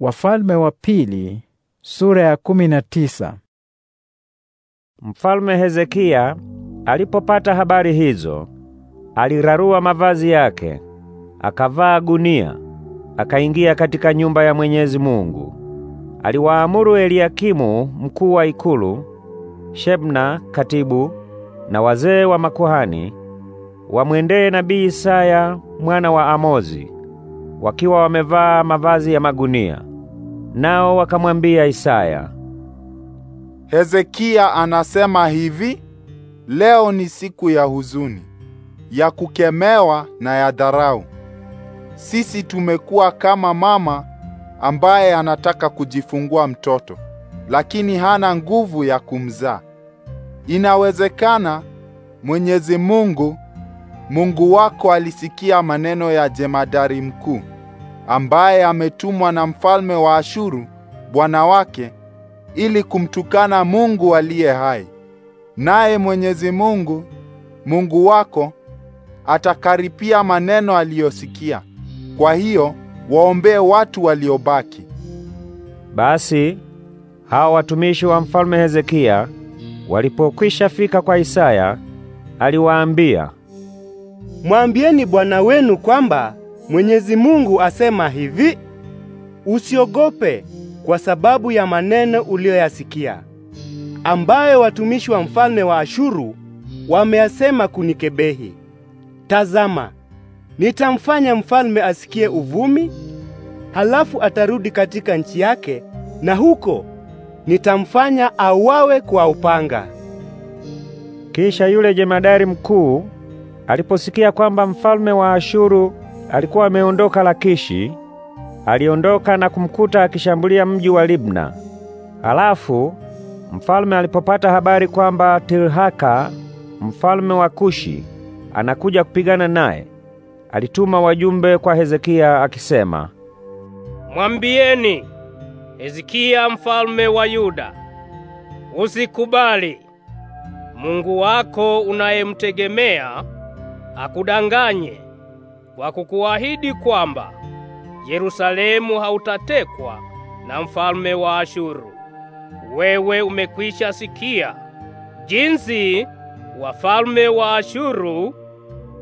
Wafalme wa pili, sura ya kumi na tisa. Mfalme Hezekia alipopata habari hizo, alirarua mavazi yake, akavaa gunia, akaingia katika nyumba ya Mwenyezi Mungu. Aliwaamuru Eliakimu mkuu wa ikulu, Shebna katibu na wazee wa makuhani wamwendee nabii Isaya mwana wa Amozi wakiwa wamevaa mavazi ya magunia. Nao wakamwambia Isaya, Hezekia anasema hivi, leo ni siku ya huzuni, ya kukemewa na ya dharau. Sisi tumekuwa kama mama ambaye anataka kujifungua mtoto lakini hana nguvu ya kumzaa. Inawezekana Mwenyezi Mungu Mungu wako alisikia maneno ya jemadari mkuu ambaye ametumwa na mfalme wa Ashuru bwana wake ili kumtukana Mungu aliye hai. Naye Mwenyezi Mungu Mungu wako atakaripia maneno aliyosikia. Kwa hiyo waombee watu waliobaki. Basi hao watumishi wa mfalme Hezekia walipokwisha fika kwa Isaya, aliwaambia, mwambieni bwana wenu kwamba Mwenyezi Mungu asema hivi: usiogope kwa sababu ya maneno uliyoyasikia ambayo watumishi wa mfalme wa Ashuru wameyasema kunikebehi. Tazama, nitamfanya mfalme asikie uvumi, halafu atarudi katika nchi yake, na huko nitamfanya auawe kwa upanga. Kisha yule jemadari mkuu aliposikia kwamba mfalme wa Ashuru alikuwa ameondoka Lakishi, aliondoka na kumkuta akishambulia mji wa Libna. Halafu mfalme alipopata habari kwamba Tirhaka mfalme wa Kushi anakuja kupigana naye, alituma wajumbe kwa Hezekia akisema, mwambieni Hezekia mfalme wa Yuda, usikubali Mungu wako unayemtegemea akudanganye kwa kukuahidi kwamba Yerusalemu hautatekwa na mfalme wa Ashuru. Wewe umekwisha sikia jinsi wafalme wa Ashuru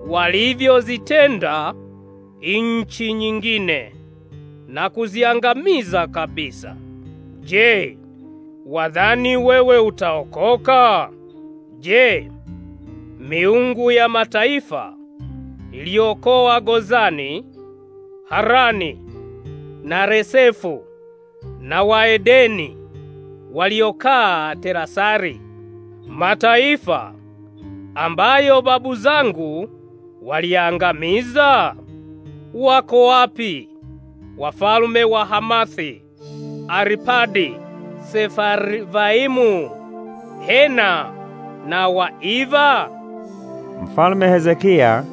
walivyozitenda inchi nyingine na kuziangamiza kabisa. Je, wadhani wewe utaokoka? Je, miungu ya mataifa iliyokoa Gozani, Harani na Resefu na Waedeni waliokaa Terasari, mataifa ambayo babu zangu waliangamiza? Wako wapi wafalume wa Hamathi, Aripadi, Sefarvaimu, Hena na Waiva? Mfalme Hezekia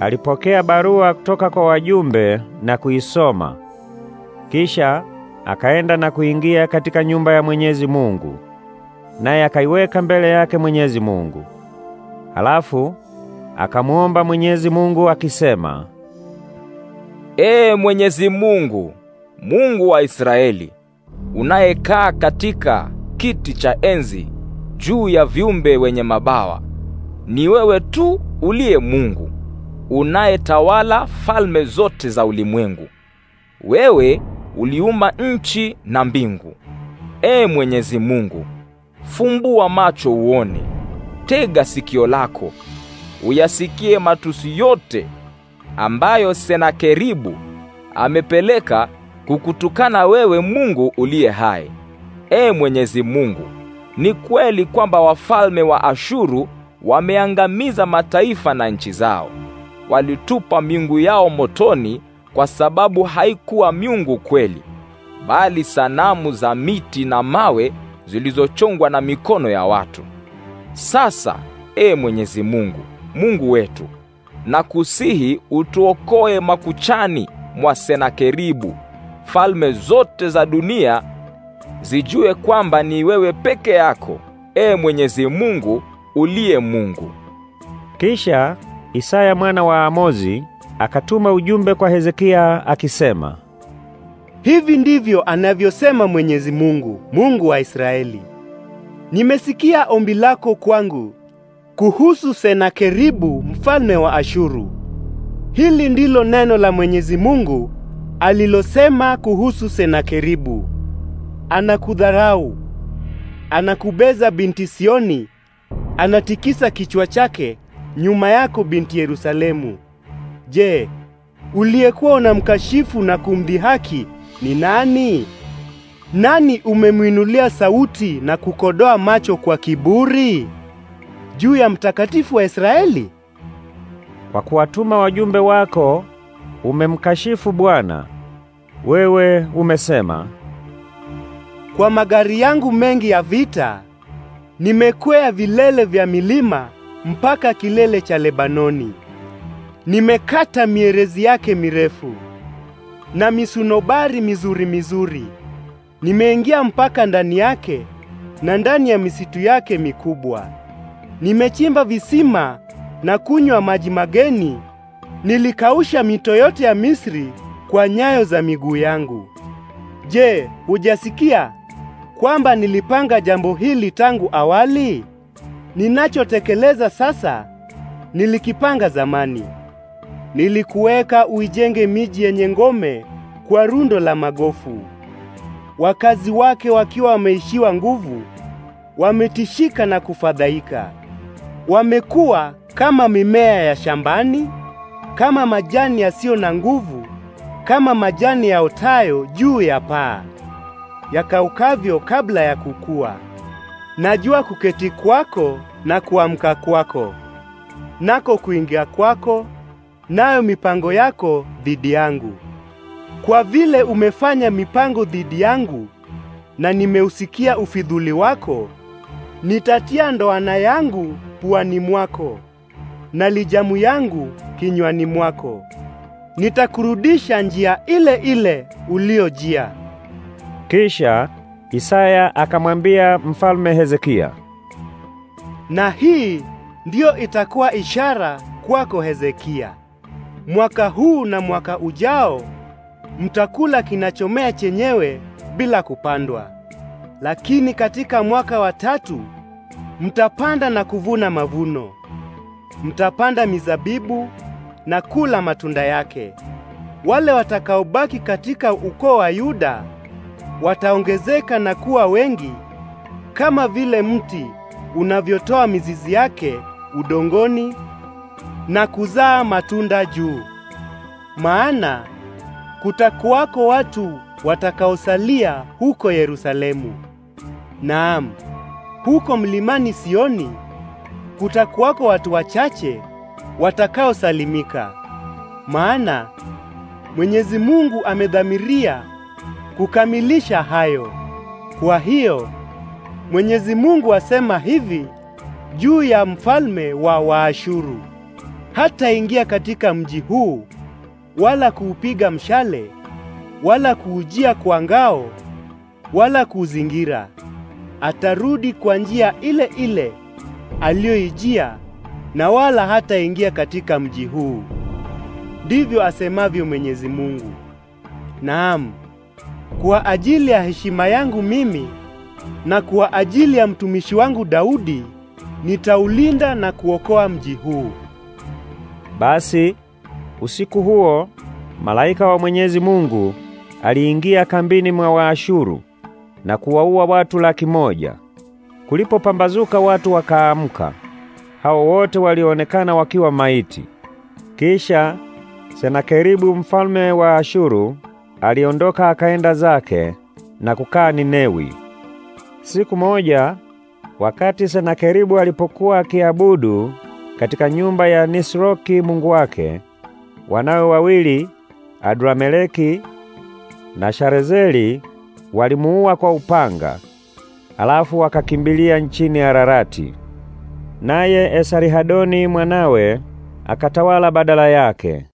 Alipokea barua kutoka kwa wajumbe na kuisoma. Kisha akaenda na kuingia katika nyumba ya Mwenyezi Mungu, naye akaiweka mbele yake Mwenyezi Mungu. Halafu akamuomba Mwenyezi Mungu akisema, Ee Mwenyezi Mungu, Mungu wa Israeli, unayekaa katika kiti cha enzi juu ya viumbe wenye mabawa, ni wewe tu uliye Mungu unayetawala falme zote za ulimwengu. Wewe uliumba nchi na mbingu. Ee Mwenyezi Mungu, fumbua macho uone, tega sikio lako uyasikie matusi yote ambayo Senakeribu amepeleka kukutukana wewe Mungu uliye hai. Ee Mwenyezi Mungu, ni kweli kwamba wafalme wa Ashuru wameangamiza mataifa na nchi zao walitupa miungu yao motoni, kwa sababu haikuwa miungu kweli, bali sanamu za miti na mawe zilizochongwa na mikono ya watu. Sasa e Mwenyezi Mungu, Mungu wetu, nakusihi utuokoe makuchani mwa Senakeribu. Falme zote za dunia zijue kwamba ni wewe peke yako, e Mwenyezi Mungu, uliye Mungu. Kisha Isaya mwana wa Amozi akatuma ujumbe kwa Hezekia akisema, hivi ndivyo anavyosema Mwenyezi Mungu, Mungu wa Israeli, nimesikia ombi lako kwangu kuhusu Senakeribu mfalme wa Ashuru. Hili ndilo neno la Mwenyezi Mungu alilosema kuhusu Senakeribu: Anakudharau, anakubeza binti Sioni, anatikisa kichwa chake nyuma yako binti Yerusalemu. Je, uliyekuwa unamkashifu na kumdhihaki ni nani? Nani umemwinulia sauti na kukodoa macho kwa kiburi juu ya mtakatifu wa Israeli? Kwa kuwatuma wajumbe wako umemkashifu Bwana. Wewe umesema, kwa magari yangu mengi ya vita nimekwea vilele vya milima mpaka kilele cha Lebanoni. Nimekata mierezi yake mirefu na misunobari mizuri mizuri. Nimeingia mpaka ndani yake na ndani ya misitu yake mikubwa. Nimechimba visima na kunywa maji mageni. Nilikausha mito yote ya Misri kwa nyayo za miguu yangu. Je, hujasikia kwamba nilipanga jambo hili tangu awali? Ninachotekeleza sasa nilikipanga zamani. Nilikuweka uijenge miji yenye ngome kwa rundo la magofu, wakazi wake wakiwa wameishiwa nguvu, wametishika na kufadhaika. Wamekuwa kama mimea ya shambani, kama majani yasiyo na nguvu, kama majani yaotayo juu ya paa yakaukavyo kabla ya kukua. Najua kuketi kwako na kuamka kwako, nako kuingia kwako, nayo mipango yako dhidi yangu. Kwa vile umefanya mipango dhidi yangu na nimeusikia ufidhuli wako, nitatia ndoana yangu puani mwako na lijamu yangu kinywani mwako. Nitakurudisha njia ile ile uliojia. Kisha Isaya akamwambia mfalme Hezekia, na hii ndiyo itakuwa ishara kwako Hezekia, mwaka huu na mwaka ujao mtakula kinachomea chenyewe bila kupandwa, lakini katika mwaka wa tatu mtapanda na kuvuna mavuno. Mtapanda mizabibu na kula matunda yake. Wale watakaobaki katika ukoo wa Yuda wataongezeka na kuwa wengi kama vile mti unavyotoa mizizi yake udongoni na kuzaa matunda juu. Maana kutakuwako watu watakaosalia huko Yerusalemu. Naam, huko mlimani Sioni kutakuwako watu wachache watakaosalimika. Maana Mwenyezi Mungu amedhamiria kukamilisha hayo. Kwa hiyo Mwenyezi Mungu asema hivi juu ya mfalme wa Waashuru, hataingia katika mji huu wala kuupiga mshale wala kuujia kwa ngao wala kuuzingira. Atarudi kwa njia ile ile aliyoijia, na wala hataingia katika mji huu. Ndivyo asemavyo Mwenyezi Mungu. Naamu kwa ajili ya heshima yangu mimi na kwa ajili ya mtumishi wangu Daudi nitaulinda na kuokoa mji huu. Basi usiku huo malaika wa Mwenyezi Mungu aliingia kambini mwa Waashuru na kuwaua watu laki moja. Kulipopambazuka watu wakaamka, hao wote walionekana wakiwa maiti. Kisha Senakeribu mfalme wa Ashuru aliondoka akaenda zake na kukaa Ninewi. Siku moja wakati Senakeribu alipokuwa akiabudu katika nyumba ya Nisroki mungu wake, wanawe wawili Adrameleki na Sharezeli walimuua kwa upanga, alafu wakakimbilia nchini Ararati. Naye Esarihadoni mwanawe akatawala badala yake.